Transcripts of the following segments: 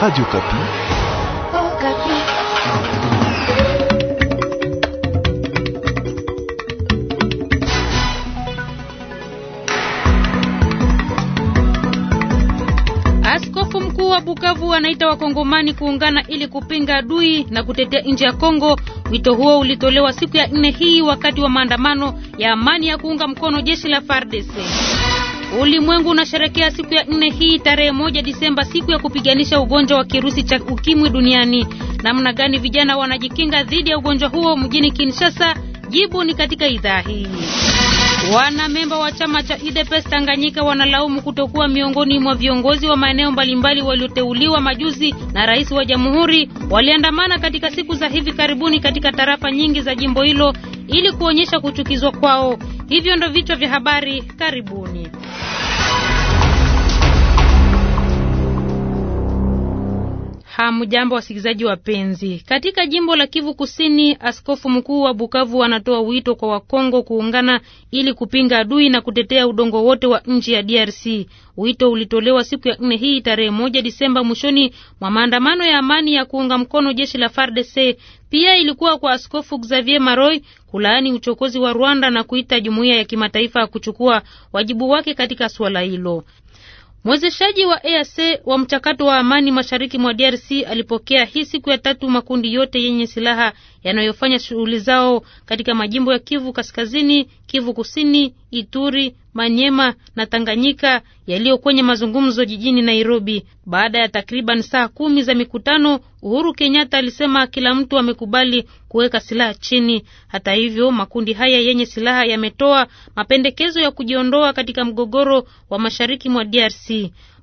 Radio Kapi. Oh, Kapi. Askofu mkuu wa Bukavu anaita wakongomani kuungana ili kupinga adui na kutetea nchi ya Kongo. Wito huo ulitolewa siku ya nne hii wakati wa maandamano ya amani ya kuunga mkono jeshi la FARDC. Ulimwengu unasherekea siku ya nne hii tarehe moja Disemba, siku ya kupiganisha ugonjwa wa kirusi cha ukimwi duniani. Namna gani vijana wanajikinga dhidi ya ugonjwa huo mjini Kinshasa? Jibu ni katika idhaa hii. Wanamemba wa chama cha UDPS Tanganyika wanalaumu kutokuwa miongoni mwa viongozi wa maeneo mbalimbali walioteuliwa majuzi na rais wa jamhuri. Waliandamana katika siku za hivi karibuni katika tarafa nyingi za jimbo hilo ili kuonyesha kuchukizwa kwao. Hivyo ndo vichwa vya habari. Karibuni. Hamjambo wasikilizaji wapenzi. Katika jimbo la Kivu Kusini, askofu mkuu wa Bukavu anatoa wito kwa Wakongo kuungana ili kupinga adui na kutetea udongo wote wa nchi ya DRC. Wito ulitolewa siku ya nne hii tarehe moja Disemba mwishoni mwa maandamano ya amani ya kuunga mkono jeshi la FARDC. Pia ilikuwa kwa askofu Xavier Maroy kulaani uchokozi wa Rwanda na kuita jumuiya ya kimataifa kuchukua wajibu wake katika suala hilo. Mwezeshaji wa EAC wa mchakato wa amani mashariki mwa DRC alipokea hii siku ya tatu makundi yote yenye silaha yanayofanya shughuli zao katika majimbo ya Kivu Kaskazini, Kivu Kusini, Ituri, Manyema na Tanganyika yaliyo kwenye mazungumzo jijini Nairobi. Baada ya takriban saa kumi za mikutano, Uhuru Kenyatta alisema kila mtu amekubali kuweka silaha chini. Hata hivyo, makundi haya yenye silaha yametoa mapendekezo ya kujiondoa katika mgogoro wa mashariki mwa DRC.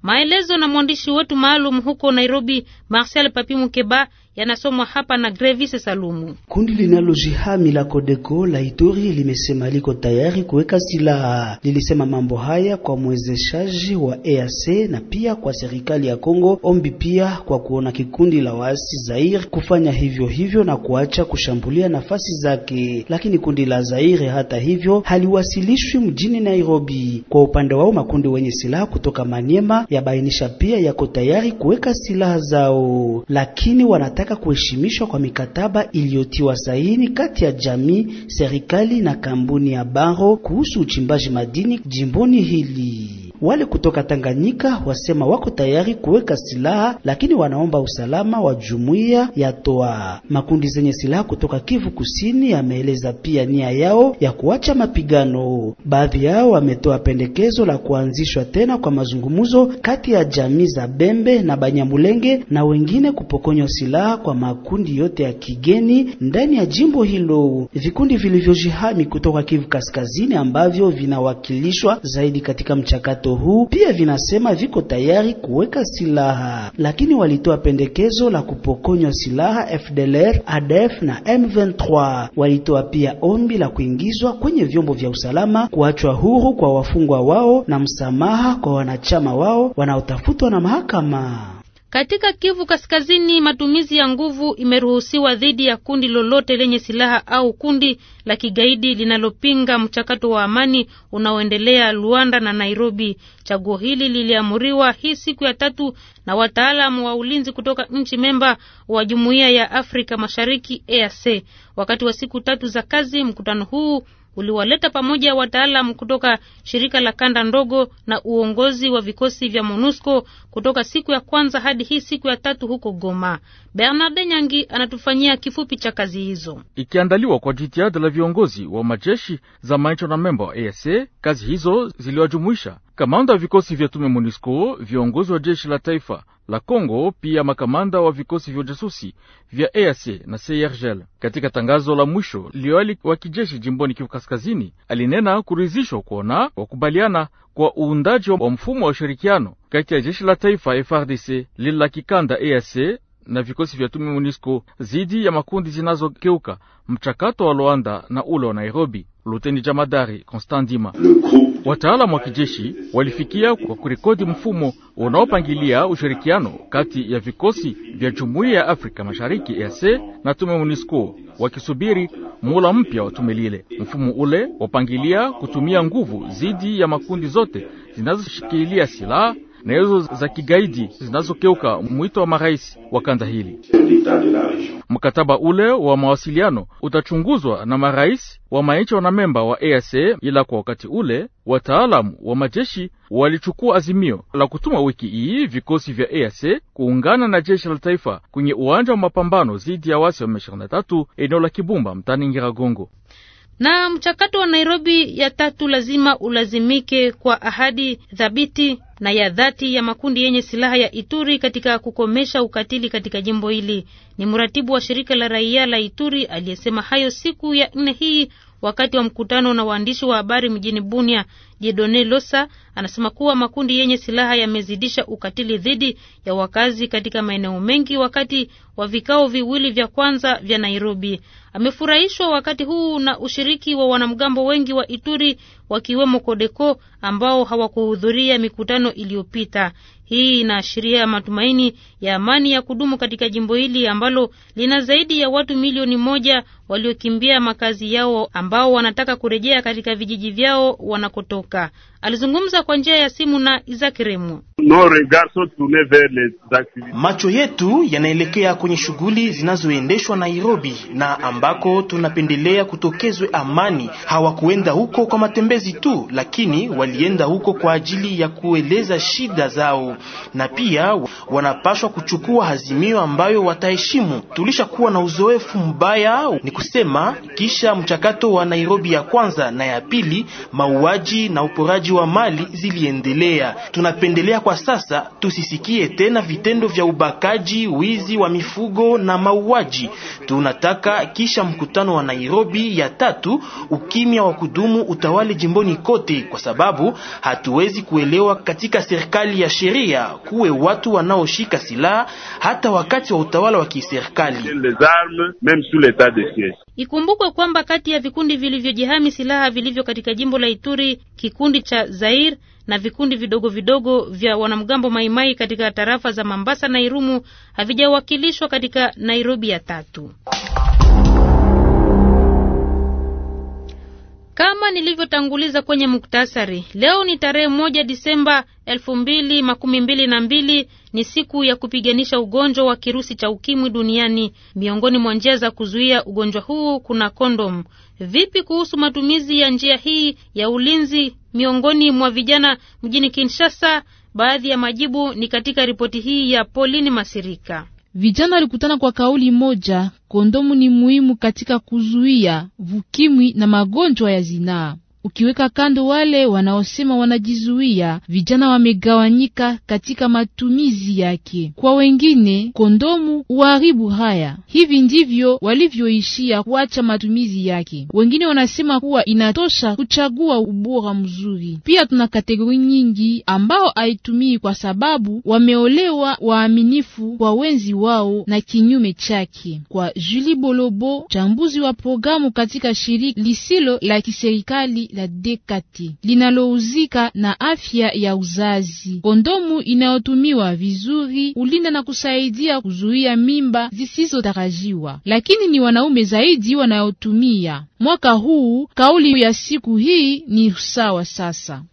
Maelezo na mwandishi wetu maalum huko Nairobi, Marcel Papi Mukeba yanasomwa hapa na Grevis Salumu. Kundi linalojihami la Kodeko la Ituri limesema liko tayari kuweka silaha. Lilisema mambo haya kwa mwezeshaji wa EAC na pia kwa serikali ya Kongo, ombi pia kwa kuona kikundi la waasi Zaire kufanya hivyo hivyo na kuacha kushambulia nafasi zake. Lakini kundi la Zaire hata hivyo haliwasilishwi mjini Nairobi. Kwa upande wao, makundi wenye silaha kutoka Maniema yabainisha pia yako tayari kuweka silaha zao, lakini wanata wanataka kuheshimishwa kwa mikataba iliyotiwa saini kati ya jamii, serikali na kampuni ya Baro kuhusu uchimbaji madini jimboni hili. Wale kutoka Tanganyika wasema wako tayari kuweka silaha, lakini wanaomba usalama wa jumuiya ya toa. Makundi zenye silaha kutoka Kivu Kusini yameeleza pia nia yao ya kuacha mapigano. Baadhi yao wametoa pendekezo la kuanzishwa tena kwa mazungumzo kati ya jamii za Bembe na Banyamulenge na wengine kupokonywa silaha kwa makundi yote ya kigeni ndani ya jimbo hilo. Vikundi vilivyojihami kutoka Kivu Kaskazini ambavyo vinawakilishwa zaidi katika mchakato moto huu pia vinasema viko tayari kuweka silaha, lakini walitoa pendekezo la kupokonywa silaha FDLR, ADF na M23. Walitoa pia ombi la kuingizwa kwenye vyombo vya usalama, kuachwa huru kwa wafungwa wao na msamaha kwa wanachama wao wanaotafutwa na mahakama. Katika Kivu Kaskazini, matumizi ya nguvu imeruhusiwa dhidi ya kundi lolote lenye silaha au kundi la kigaidi linalopinga mchakato wa amani unaoendelea Luanda na Nairobi. Chaguo hili liliamuriwa hii siku ya tatu na wataalamu wa ulinzi kutoka nchi memba wa Jumuiya ya Afrika Mashariki EAC. Wakati wa siku tatu za kazi, mkutano huu uliwaleta pamoja wataalam kutoka shirika la kanda ndogo na uongozi wa vikosi vya MONUSCO kutoka siku ya kwanza hadi hii siku ya tatu huko Goma. Bernard Nyangi anatufanyia kifupi cha kazi hizo, ikiandaliwa kwa jitihada la viongozi wa majeshi za maicho na memba wa EAC. Kazi hizo ziliwajumuisha Kamanda wa vikosi vya tume MONUSCO, viongozi wa jeshi la taifa la congo pia makamanda wa vikosi vya ujasusi vya EAC na CIRGL. Katika tangazo la mwisho, liwali wa kijeshi jimboni Kivu Kaskazini alinena kuridhishwa kuona wakubaliana kwa uundaji wa mfumo wa ushirikiano kati ya jeshi la taifa FRDC, lila kikanda EAC na vikosi vya tume MONUSCO zidi ya makundi zinazokeuka mchakato wa Luanda na ule wa Nairobi. Luteni jamadari Constant dima wataalamu wa kijeshi walifikia kwa kurekodi mfumo unaopangilia ushirikiano kati ya vikosi vya jumuiya ya Afrika Mashariki EAC na tume MONUSCO, wakisubiri muula mpya wa tume lile. Mfumo ule wapangilia kutumia nguvu zidi ya makundi zote zinazoshikilia silaha na hizo za kigaidi zinazokeuka mwito wa marais wa kanda hili. Mkataba ule wa mawasiliano utachunguzwa na marais wa manchi wanamemba wa EAC, ila kwa wakati ule wataalamu wa majeshi walichukua azimio la kutuma wiki hii vikosi vya EAC kuungana na jeshi la taifa kwenye uwanja wa mapambano dhidi ya wasi wa M23 eneo la Kibumba mtani Ngiragongo na mchakato wa Nairobi ya tatu lazima ulazimike kwa ahadi thabiti na ya dhati ya makundi yenye silaha ya Ituri katika kukomesha ukatili katika jimbo hili. Ni mratibu wa shirika la raia la Ituri aliyesema hayo siku ya nne hii wakati wa mkutano na waandishi wa habari mjini Bunia. Jedone Losa anasema kuwa makundi yenye silaha yamezidisha ukatili dhidi ya wakazi katika maeneo mengi wakati wa vikao viwili vya kwanza vya Nairobi amefurahishwa wakati huu na ushiriki wa wanamgambo wengi wa Ituri wakiwemo Kodeko ambao hawakuhudhuria mikutano iliyopita. Hii inaashiria matumaini ya amani ya kudumu katika jimbo hili ambalo lina zaidi ya watu milioni moja waliokimbia makazi yao ambao wanataka kurejea katika vijiji vyao wanakotoka. Alizungumza kwa njia ya simu na Izakiremu. Macho yetu yanaelekea kwenye shughuli zinazoendeshwa Nairobi na ambako tunapendelea kutokezwe amani. Hawakuenda huko kwa matembezi tu, lakini walienda huko kwa ajili ya kueleza shida zao, na pia wanapashwa kuchukua hazimio ambayo wataheshimu. Tulishakuwa na uzoefu mbaya, ni kusema kisha mchakato wa Nairobi ya kwanza na ya pili, mauaji na uporaji uporaji wa mali ziliendelea. Tunapendelea kwa sasa tusisikie tena vitendo vya ubakaji, wizi wa mifugo na mauaji. Tunataka kisha mkutano wa Nairobi ya tatu, ukimya wa kudumu utawale jimboni kote, kwa sababu hatuwezi kuelewa katika serikali ya sheria kuwe watu wanaoshika silaha hata wakati wa utawala wa kiserikali. Ikumbukwe kwamba kati ya vikundi vilivyojihami silaha vilivyo katika jimbo la Ituri, kikundi cha Zair na vikundi vidogo vidogo vya wanamgambo Maimai katika tarafa za Mambasa na Irumu havijawakilishwa katika Nairobi ya tatu. Kama nilivyotanguliza kwenye muktasari, leo ni tarehe moja Disemba elfu mbili makumi mbili na mbili. Ni siku ya kupiganisha ugonjwa wa kirusi cha ukimwi duniani. Miongoni mwa njia za kuzuia ugonjwa huu kuna kondom. Vipi kuhusu matumizi ya njia hii ya ulinzi miongoni mwa vijana mjini Kinshasa? Baadhi ya majibu ni katika ripoti hii ya Pauline Masirika. Vijana walikutana kwa kauli moja, kondomu ni muhimu katika kuzuia vukimwi na magonjwa ya zinaa ukiweka kando wale wanaosema wanajizuia. Vijana wamegawanyika katika matumizi yake, kwa wengine kondomu uharibu haya. Hivi ndivyo walivyoishia kuacha matumizi yake. Wengine wanasema kuwa inatosha kuchagua ubora mzuri. Pia tuna kategori nyingi ambao haitumii kwa sababu wameolewa waaminifu kwa wenzi wao na kinyume chake. Kwa Julie Bolobo, chambuzi wa programu katika shirika lisilo la kiserikali la dekati linalouzika na afya ya uzazi. Kondomu inayotumiwa vizuri ulinda na kusaidia kuzuia mimba zisizotarajiwa, lakini ni wanaume zaidi wanayotumia. Mwaka huu kauli ya siku hii ni sawa sasa.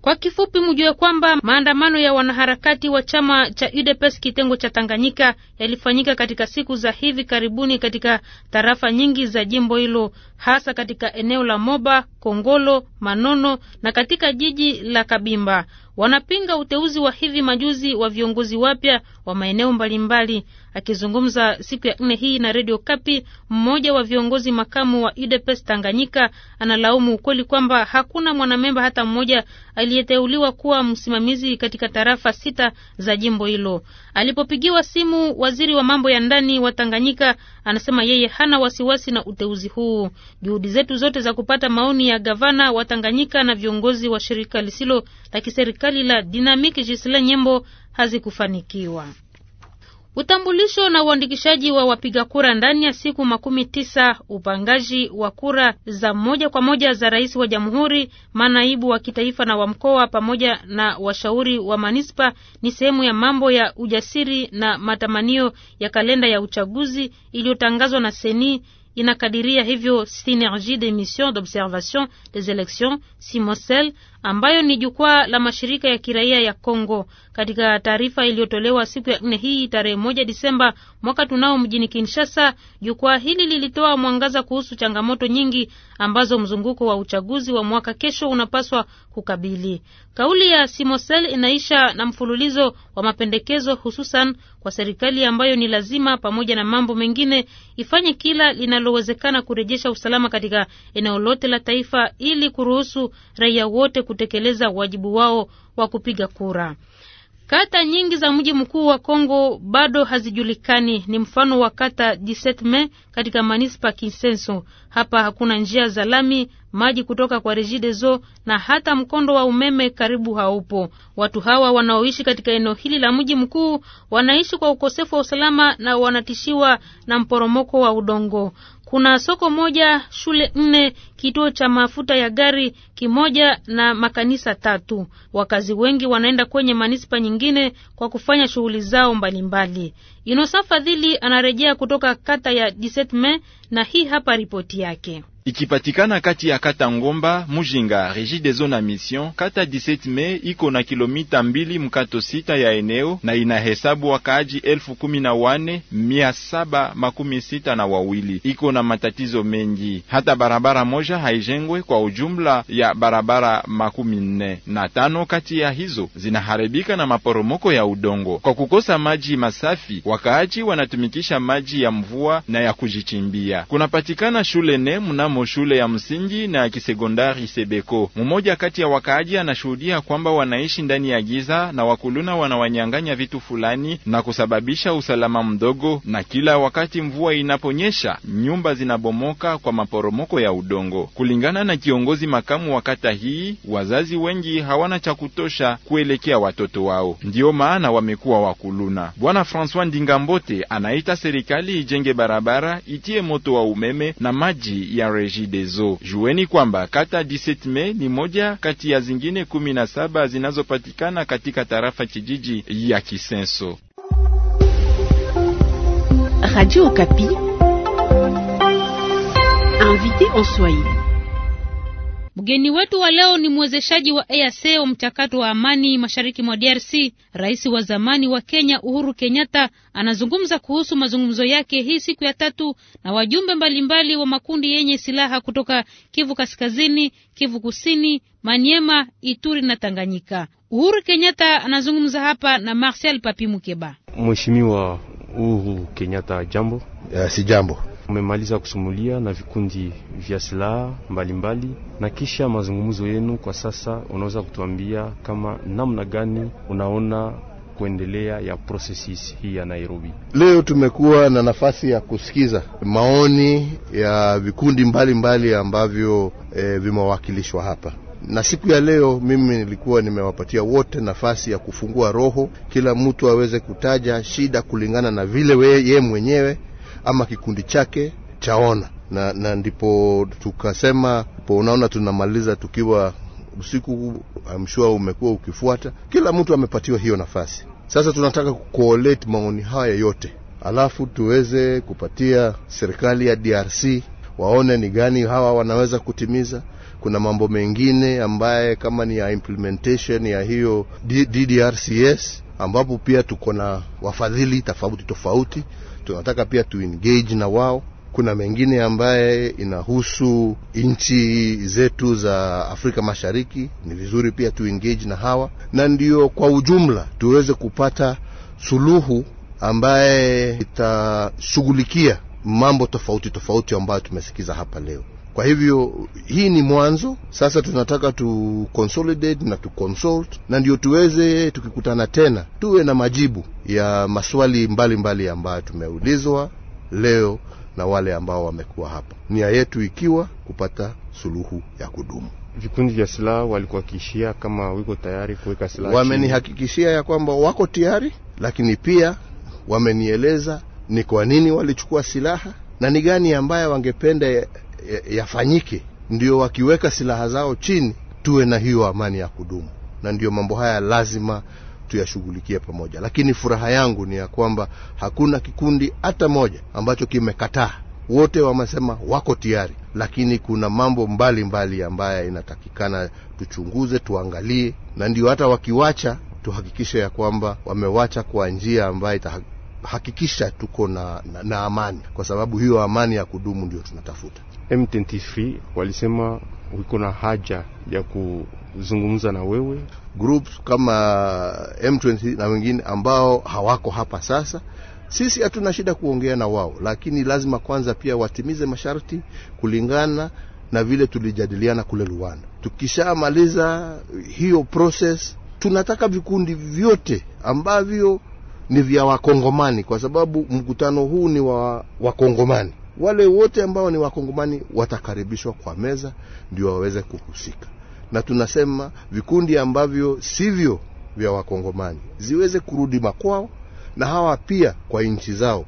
Kwa kifupi, mjue kwamba maandamano ya wanaharakati wa chama cha UDPS kitengo cha Tanganyika yalifanyika katika siku za hivi karibuni katika tarafa nyingi za jimbo hilo, hasa katika eneo la Moba, Kongolo, Manono na katika jiji la Kabimba wanapinga uteuzi wa hivi majuzi wa viongozi wapya wa maeneo mbalimbali. Akizungumza siku ya nne hii na redio Kapi, mmoja wa viongozi makamu wa UDPS Tanganyika analaumu ukweli kwamba hakuna mwanamemba hata mmoja aliyeteuliwa kuwa msimamizi katika tarafa sita za jimbo hilo. Alipopigiwa simu, waziri wa mambo ya ndani wa Tanganyika anasema yeye hana wasiwasi na uteuzi huu. Juhudi zetu zote za kupata maoni ya gavana wa Tanganyika na viongozi wa shirika lisilo la kiserikali serikali la Dinamiki Gisela Nyembo hazikufanikiwa. Utambulisho na uandikishaji wa wapiga kura ndani ya siku makumi tisa, upangaji wa kura za moja kwa moja za rais wa jamhuri, manaibu wa kitaifa na wa mkoa, pamoja na washauri wa manispa ni sehemu ya mambo ya ujasiri na matamanio ya kalenda ya uchaguzi iliyotangazwa na Seni inakadiria hivyo Synergie de Mission d'Observation des Elections Simosel, ambayo ni jukwaa la mashirika ya kiraia ya Congo. Katika taarifa iliyotolewa siku ya nne hii tarehe moja Disemba mwaka tunao mjini Kinshasa, jukwaa hili lilitoa mwangaza kuhusu changamoto nyingi ambazo mzunguko wa uchaguzi wa mwaka kesho unapaswa kukabili. Kauli ya Simosel inaisha na mfululizo wa mapendekezo hususan kwa serikali ambayo ni lazima pamoja na mambo mengine ifanye kila linalowezekana kurejesha usalama katika eneo lote la taifa ili kuruhusu raia wote kutekeleza wajibu wao wa kupiga kura. Kata nyingi za mji mkuu wa Kongo bado hazijulikani. Ni mfano wa kata Disetme katika manispa Kinsenso. Hapa hakuna njia za lami, maji kutoka kwa Regideso na hata mkondo wa umeme karibu haupo. Watu hawa wanaoishi katika eneo hili la mji mkuu wanaishi kwa ukosefu wa usalama na wanatishiwa na mporomoko wa udongo. Kuna soko moja, shule nne, kituo cha mafuta ya gari kimoja na makanisa tatu. Wakazi wengi wanaenda kwenye manispa nyingine kwa kufanya shughuli zao mbalimbali. Inosa Fadhili anarejea kutoka kata ya Disetme na hii hapa ripoti yake ikipatikana kati ya kata Ngomba Mujinga Regideso na Mission. Kata 17 Mei iko na kilomita mbili mkato sita ya eneo na inahesabu wakaaji elfu kumi na wane mia saba makumi sita na wawili. Iko na matatizo mengi, hata barabara moja haijengwe kwa ujumla ya barabara makumi nne na tano kati ya hizo zinaharibika na maporomoko ya udongo kwa kukosa maji masafi. Wakaaji wanatumikisha maji ya mvua na ya kujichimbia. Kunapatikana shule ne mna mu shule ya msingi na kisekondari Sebeko. Mmoja kati ya wakaaji anashuhudia kwamba wanaishi ndani ya giza na wakuluna wanawanyang'anya vitu fulani na kusababisha usalama mdogo, na kila wakati mvua inaponyesha nyumba zinabomoka kwa maporomoko ya udongo. Kulingana na kiongozi makamu wa kata hii, wazazi wengi hawana cha kutosha kuelekea watoto wao, ndiyo maana wamekuwa wakuluna. Bwana Francois Ndingambote anaita serikali ijenge barabara, itie moto wa umeme na maji ya Regideso. Jueni kwamba kata 17 me ni moja kati ya zingine kumi zinazopatikana katika tarafa kijiji ya Kisenso. Radio Kapi. Invité en Swahili. Mgeni wetu wa leo ni mwezeshaji wa EAC mchakato wa amani mashariki mwa DRC. Rais wa zamani wa Kenya Uhuru Kenyatta anazungumza kuhusu mazungumzo yake hii siku ya tatu na wajumbe mbalimbali wa makundi yenye silaha kutoka Kivu Kaskazini, Kivu Kusini, Maniema, Ituri na Tanganyika. Uhuru Kenyatta anazungumza hapa na Marcel Papi Mukeba. Mheshimiwa Uhuru Kenyatta, jambo. Uh, si jambo umemaliza kusumulia na vikundi vya silaha mbalimbali, na kisha mazungumzo yenu kwa sasa, unaweza kutuambia kama namna gani unaona kuendelea ya processes hii ya Nairobi. Leo tumekuwa na nafasi ya kusikiza maoni ya vikundi mbalimbali mbali ambavyo e, vimewakilishwa hapa na siku ya leo mimi nilikuwa nimewapatia wote nafasi ya kufungua roho, kila mtu aweze kutaja shida kulingana na vile yeye mwenyewe ama kikundi chake chaona na, na ndipo tukasema po, unaona tunamaliza tukiwa usiku. amshua sure umekuwa ukifuata, kila mtu amepatiwa hiyo nafasi. Sasa tunataka kucollate maoni haya yote, alafu tuweze kupatia serikali ya DRC waone ni gani hawa wanaweza kutimiza. Kuna mambo mengine ambaye kama ni ya implementation ya hiyo DDRCS ambapo pia tuko na wafadhili tofauti tofauti tunataka pia tu engage na wao. Kuna mengine ambaye inahusu nchi zetu za Afrika Mashariki, ni vizuri pia tu engage na hawa, na ndio kwa ujumla tuweze kupata suluhu ambaye itashughulikia mambo tofauti tofauti ambayo tumesikiza hapa leo. Kwa hivyo hii ni mwanzo. Sasa tunataka tu consolidate na tu consult, na ndio tuweze tukikutana tena tuwe na majibu ya maswali mbalimbali ambayo tumeulizwa leo na wale ambao wamekuwa hapa, nia yetu ikiwa kupata suluhu ya kudumu. Vikundi vya silaha walikuwa kama wiko tayari kuweka silaha, wamenihakikishia ya kwamba wako tayari, lakini pia wamenieleza ni kwa nini walichukua silaha na ni gani ambayo wangependa yafanyike, ndio wakiweka silaha zao chini, tuwe na hiyo amani ya kudumu, na ndio mambo haya lazima tuyashughulikie pamoja. Lakini furaha yangu ni ya kwamba hakuna kikundi hata moja ambacho kimekataa, wote wamesema wako tayari, lakini kuna mambo mbalimbali ambayo inatakikana tuchunguze, tuangalie, na ndio hata wakiwacha tuhakikishe ya kwamba wamewacha kwa njia ambayo itahakikisha tuko na, na, na amani, kwa sababu hiyo amani ya kudumu ndio tunatafuta. M23 walisema wiko na haja ya kuzungumza na wewe. Groups kama M23 na wengine ambao hawako hapa sasa sisi hatuna shida kuongea na wao, lakini lazima kwanza pia watimize masharti kulingana na vile tulijadiliana kule Luanda. Tukishamaliza hiyo process, tunataka vikundi vyote ambavyo ni vya Wakongomani, kwa sababu mkutano huu ni wa Wakongomani wale wote ambao ni wakongomani watakaribishwa kwa meza ndio waweze kuhusika, na tunasema vikundi ambavyo sivyo vya wakongomani ziweze kurudi makwao, na hawa pia kwa nchi zao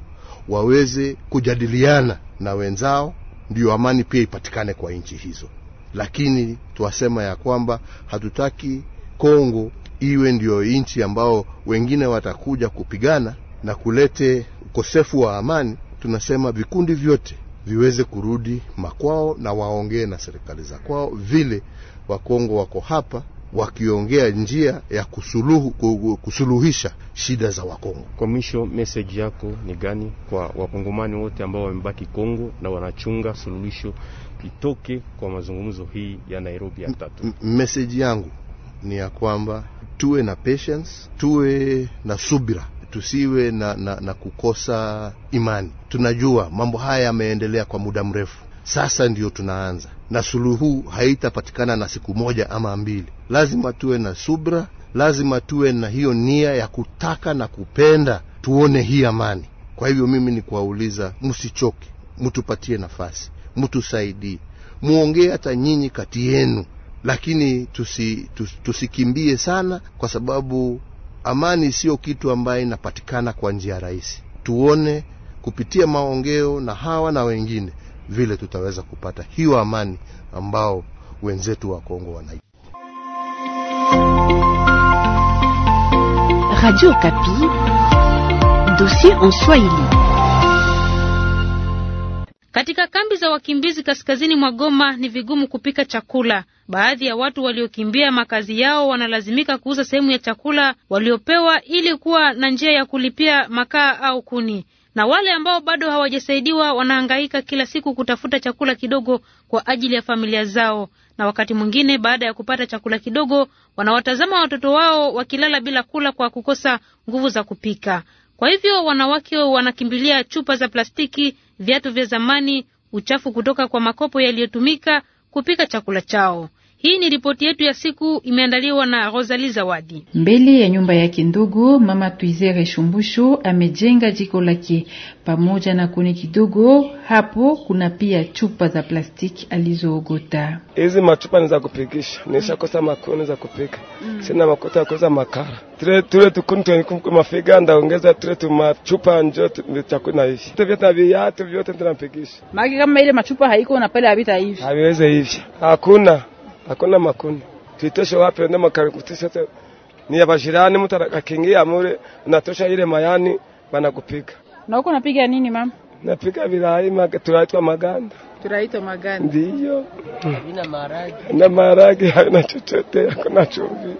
waweze kujadiliana na wenzao, ndio amani pia ipatikane kwa nchi hizo. Lakini tuwasema ya kwamba hatutaki Kongo iwe ndio nchi ambao wengine watakuja kupigana na kulete ukosefu wa amani tunasema vikundi vyote viweze kurudi makwao na waongee na serikali za kwao, vile Wakongo wako hapa wakiongea njia ya kusuluhu, kusuluhisha shida za Wakongo. Kwa mwisho, message yako ni gani kwa wakongomani wote ambao wamebaki Kongo na wanachunga suluhisho litoke kwa mazungumzo hii ya Nairobi ya tatu? Message yangu ni ya kwamba tuwe na patience, tuwe na subira tusiwe na, na, na kukosa imani. Tunajua mambo haya yameendelea kwa muda mrefu sasa, ndiyo tunaanza na suluhu. Haitapatikana na siku moja ama mbili, lazima tuwe na subra, lazima tuwe na hiyo nia ya kutaka na kupenda tuone hii amani. Kwa hivyo mimi ni kuwauliza, msichoke, mtupatie nafasi, mtusaidie, muongee hata nyinyi kati yenu, lakini tusi, tusikimbie sana kwa sababu Amani siyo kitu ambaye inapatikana kwa njia rahisi. Tuone kupitia maongeo na hawa na wengine vile tutaweza kupata hiyo amani ambao wenzetu wa Kongo wana. Radio Kapi, dossier en Swahili. Katika kambi za wakimbizi kaskazini mwa Goma ni vigumu kupika chakula. Baadhi ya watu waliokimbia makazi yao wanalazimika kuuza sehemu ya chakula waliopewa ili kuwa na njia ya kulipia makaa au kuni, na wale ambao bado hawajasaidiwa wanahangaika kila siku kutafuta chakula kidogo kwa ajili ya familia zao, na wakati mwingine, baada ya kupata chakula kidogo, wanawatazama watoto wao wakilala bila kula kwa kukosa nguvu za kupika. Kwa hivyo wanawake wanakimbilia chupa za plastiki, viatu vya zamani, uchafu kutoka kwa makopo yaliyotumika kupika chakula chao. Hii ni ripoti yetu ya siku imeandaliwa na Rosalie Zawadi. Mbele ya nyumba yake ndogo, mama Tuizere Shumbusho amejenga jiko lake pamoja na kuni kidogo. Hapo kuna pia chupa za plastiki alizoogota. Hizi machupa ni za kupikisha, nishakosa makuni za kupika, mm. sina makuta ya kuuza makara. Tule tule tukuni mafiga ndaongeza tule tu machupa njo chakuna hivi vyote viatu vyote tunapikisha maki kama ile machupa haiko na pale habita hivi haviweze hivi hakuna akona makuni kitosha wapi wende te ni ya mutaraka mtu akakingia amure unatosha ile mayani wanakupiga na huko napiga nini mama napiga virai tunaitwa maganda tunaitwa maganda ndio bina maragi na maragi haina chochote akona chumvi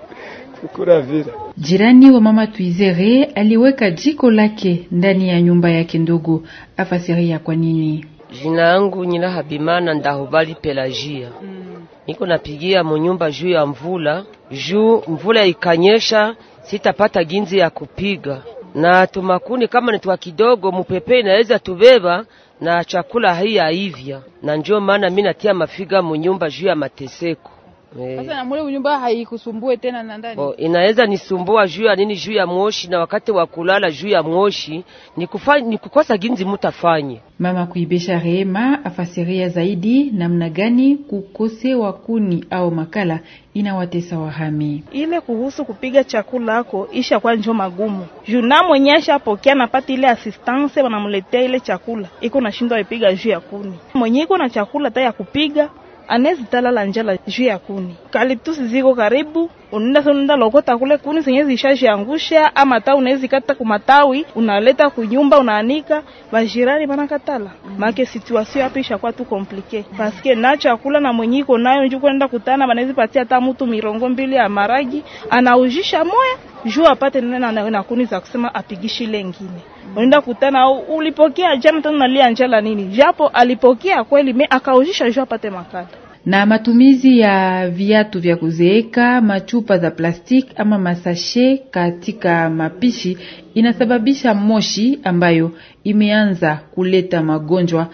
kukura vira Jirani wa mama Tuizere aliweka jiko lake ndani ya nyumba yake ndogo, afasiria kwa nini Jina yangu nyina Habimana Ndahubali Pelajia. Mm. Niko napigia munyumba juu ya mvula, juu mvula ikanyesha sitapata ginzi ya kupiga na tumakuni kama ni twa kidogo, mupepe inaweza tubeba na chakula hii aivya, na njo maana mimi natia mafiga munyumba juu ya mateseko Eh. Sasa na mule unyumba haikusumbue tena na ndani. Oh, inaweza nisumbua juu ya nini? Juu ya moshi na wakati wa kulala juu ya moshi ni kufanya ni kukosa ginzi mutafanye. Mama kuibesha Rehema afasiria zaidi namna gani kukosewa kuni au makala inawatesa wahami. Ile kuhusu kupiga chakula ako isha kwa njo magumu. Juna mwenye ashapokea napata ile assistance wanamuletea ile chakula. Iko nashindwa ipiga juu ya kuni. Mwenye iko na chakula hata ya kupiga anezi talala njala juu ya kuni kaliptus ziko karibu, unaenda unaenda lokota kule kuni zenye zishashiangusha, ama ta unawezi kata kumatawi unaleta kunyumba unaanika, majirani banakatala make situation hapa ishakuwa tu komplike paske na chakula na mwenye iko nayo njuko naenda kutana, banawezi patia hata mutu mirongo mbili ya maragi anaujisha moya juu apate nena na, na kuni za kusema apigishi ile ngine mm. Unaenda kutana au ulipokea jana tena nalia njala nini, japo alipokea kweli me akauzisha juu apate makata. na matumizi ya viatu vya kuzeeka, machupa za plastiki ama masashe katika mapishi inasababisha moshi ambayo imeanza kuleta magonjwa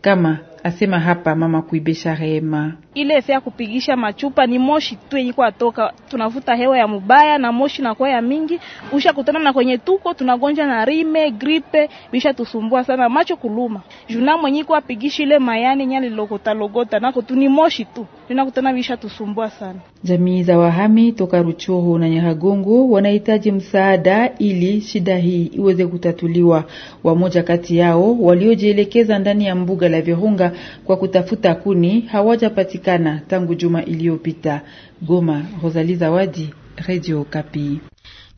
kama asema hapa mama kuibesha rehema ile efe ya kupigisha machupa ni moshi tu yenye kwa toka, tunavuta hewa ya mubaya na moshi kwa ya mingi, usha kutana na kwenye tuko tunagonja na rime gripe bisha tusumbua sana, macho kuluma juna mwenye kwa pigishi ile mayani nyali logota logota nako kutuni moshi tu tunakutana visha tusumbua sana. Jamii za wahami toka ruchuru na Nyahagongo wanahitaji msaada ili shida hii iweze kutatuliwa. Wamoja kati yao waliojielekeza ndani ya mbuga la Virunga kwa kutafuta kuni hawajapatikana tangu juma iliyopita. Goma, rosali Zawadi, Radio Kapi.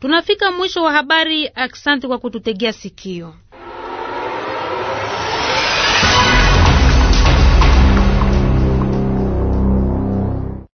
Tunafika mwisho wa habari. Asante kwa kututegea sikio.